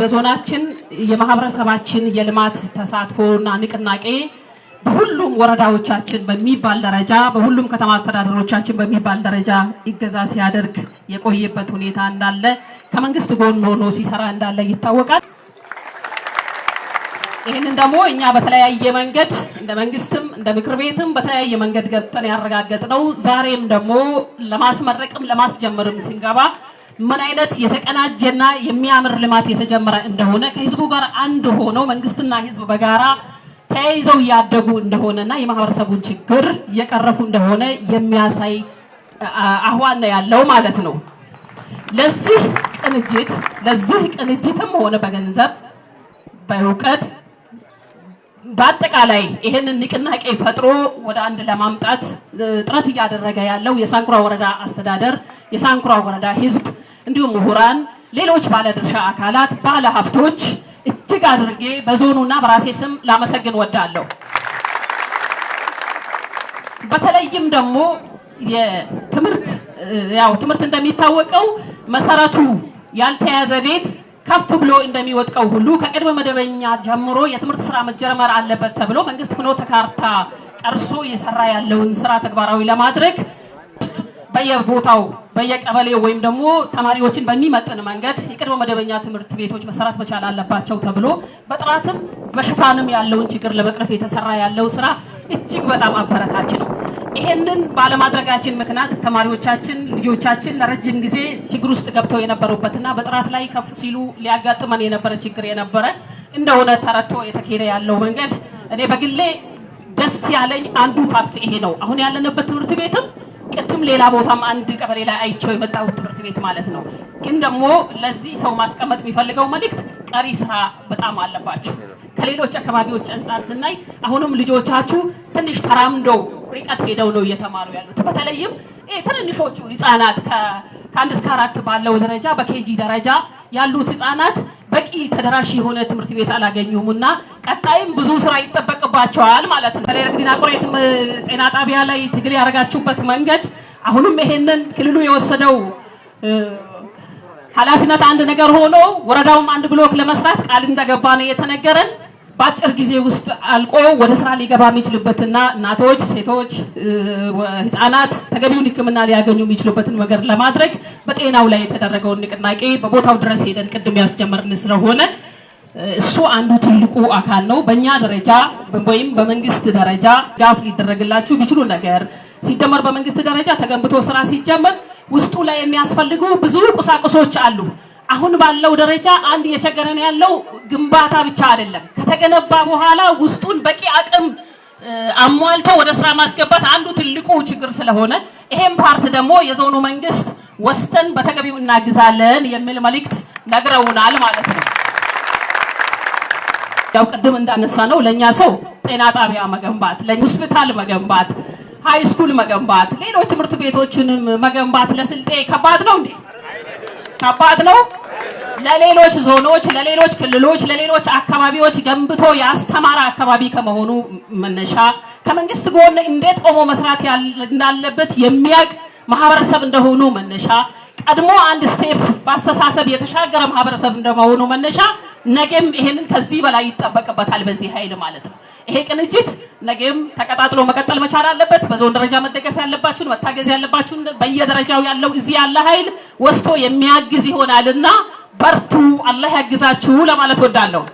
በዞናችን የማህበረሰባችን የልማት ተሳትፎና ንቅናቄ በሁሉም ወረዳዎቻችን በሚባል ደረጃ በሁሉም ከተማ አስተዳደሮቻችን በሚባል ደረጃ ይገዛ ሲያደርግ የቆየበት ሁኔታ እንዳለ ከመንግስት ጎን ሆኖ ሲሰራ እንዳለ ይታወቃል። ይህንን ደግሞ እኛ በተለያየ መንገድ እንደ መንግስትም እንደ ምክር ቤትም በተለያየ መንገድ ገብተን ያረጋገጥ ነው። ዛሬም ደግሞ ለማስመረቅም ለማስጀመርም ስንገባ ምን አይነት የተቀናጀና የሚያምር ልማት የተጀመረ እንደሆነ ከህዝቡ ጋር አንድ ሆነው መንግስትና ህዝብ በጋራ ተያይዘው እያደጉ እንደሆነና የማህበረሰቡን ችግር እየቀረፉ እንደሆነ የሚያሳይ አህዋና ያለው ማለት ነው። ለዚህ ቅንጅት ለዚህ ቅንጅትም ሆነ በገንዘብ በእውቀት በአጠቃላይ ይህንን ንቅናቄ ፈጥሮ ወደ አንድ ለማምጣት ጥረት እያደረገ ያለው የሳንኩራ ወረዳ አስተዳደር የሳንኩራ ወረዳ ህዝብ እንዲሁም ምሁራን፣ ሌሎች ባለድርሻ አካላት፣ ባለ ሀብቶች እጅግ አድርጌ በዞኑና በራሴ ስም ላመሰግን ወዳለሁ። በተለይም ደግሞ የትምህርት ያው ትምህርት እንደሚታወቀው መሰረቱ ያልተያዘ ቤት ከፍ ብሎ እንደሚወጥቀው ሁሉ ከቅድመ መደበኛ ጀምሮ የትምህርት ስራ መጀመር አለበት ተብሎ መንግስት ፍኖተ ካርታ ቀርሶ እየሰራ ያለውን ስራ ተግባራዊ ለማድረግ በየቦታው በየቀበሌ ወይም ደግሞ ተማሪዎችን በሚመጥን መንገድ የቅድመ መደበኛ ትምህርት ቤቶች መሰራት መቻል አለባቸው ተብሎ በጥራትም በሽፋንም ያለውን ችግር ለመቅረፍ የተሰራ ያለው ስራ እጅግ በጣም አበረታች ነው። ይሄንን ባለማድረጋችን ምክንያት ተማሪዎቻችን ልጆቻችን ለረጅም ጊዜ ችግር ውስጥ ገብተው የነበሩበትና በጥራት ላይ ከፍ ሲሉ ሊያጋጥመን የነበረ ችግር የነበረ እንደሆነ ተረድቶ የተካሄደ ያለው መንገድ እኔ በግሌ ደስ ያለኝ አንዱ ፓርት ይሄ ነው። አሁን ያለንበት ትምህርት ቤትም ቅድም ሌላ ቦታም አንድ ቀበሌ ላይ አይቸው የመጣሁት ትምህርት ቤት ማለት ነው። ግን ደግሞ ለዚህ ሰው ማስቀመጥ የሚፈልገው መልእክት ቀሪ ስራ በጣም አለባቸው። ከሌሎች አካባቢዎች አንጻር ስናይ አሁንም ልጆቻችሁ ትንሽ ተራምደው ርቀት ሄደው ነው እየተማሩ ያሉት። በተለይም ትንንሾቹ ህጻናት ከአንድ እስከ አራት ባለው ደረጃ በኬጂ ደረጃ ያሉት ህጻናት በቂ ተደራሽ የሆነ ትምህርት ቤት አላገኙም እና ቀጣይም ብዙ ስራ ይጠበቅባቸዋል ማለት ነው። በተለይ ረግዲና ቁሬትም ጤና ጣቢያ ላይ ትግል ያደረጋችሁበት መንገድ አሁንም ይሄንን ክልሉ የወሰደው ኃላፊነት አንድ ነገር ሆኖ ወረዳውም አንድ ብሎክ ለመስራት ቃል እንደገባ ነው የተነገረን። በአጭር ጊዜ ውስጥ አልቆ ወደ ስራ ሊገባ የሚችልበትና እናቶች፣ ሴቶች፣ ህጻናት ተገቢውን ሕክምና ሊያገኙ የሚችሉበትን ነገር ለማድረግ በጤናው ላይ የተደረገውን ንቅናቄ በቦታው ድረስ ሄደን ቅድም ያስጀመርን ስለሆነ እሱ አንዱ ትልቁ አካል ነው። በእኛ ደረጃ ወይም በመንግስት ደረጃ ጋፍ ሊደረግላችሁ ቢችሉ ነገር ሲደመር በመንግስት ደረጃ ተገንብቶ ስራ ሲጀመር ውስጡ ላይ የሚያስፈልጉ ብዙ ቁሳቁሶች አሉ። አሁን ባለው ደረጃ አንድ እየቸገረን ያለው ግንባታ ብቻ አይደለም። ከተገነባ በኋላ ውስጡን በቂ አቅም አሟልተው ወደ ስራ ማስገባት አንዱ ትልቁ ችግር ስለሆነ ይሄም ፓርት ደግሞ የዞኑ መንግስት ወስተን በተገቢው እናግዛለን የሚል መልእክት ነግረውናል ማለት ነው። ያው ቅድም ነው ለእኛ ሰው ጤና ጣቢያ መገንባት፣ ለሆስፒታል መገንባት፣ ሃይ ስኩል መገንባት፣ ሌሎች ትምህርት ቤቶችንም መገንባት ለስልጤ ከባድ ነው እንዴ? ከባድ ነው። ለሌሎች ዞኖች፣ ለሌሎች ክልሎች፣ ለሌሎች አካባቢዎች ገንብቶ የአስተማረ አካባቢ ከመሆኑ መነሻ ከመንግስት ጎን እንዴት ቆሞ መስራት እንዳለበት የሚያውቅ ማህበረሰብ እንደሆኑ መነሻ ቀድሞ አንድ ስቴፕ በአስተሳሰብ የተሻገረ ማህበረሰብ እንደመሆኑ መነሻ ነገም ይሄንን ከዚህ በላይ ይጠበቅበታል በዚህ ኃይል ማለት ነው። ይሄ ቅንጅት ነገም ተቀጣጥሎ መቀጠል መቻል አለበት። በዞን ደረጃ መደገፍ ያለባችሁን መታገዝ ያለባችሁን በየደረጃው ያለው እዚህ ያለ ኃይል ወስቶ የሚያግዝ ይሆናልና በርቱ፣ አላህ ያግዛችሁ ለማለት ወዳለሁ።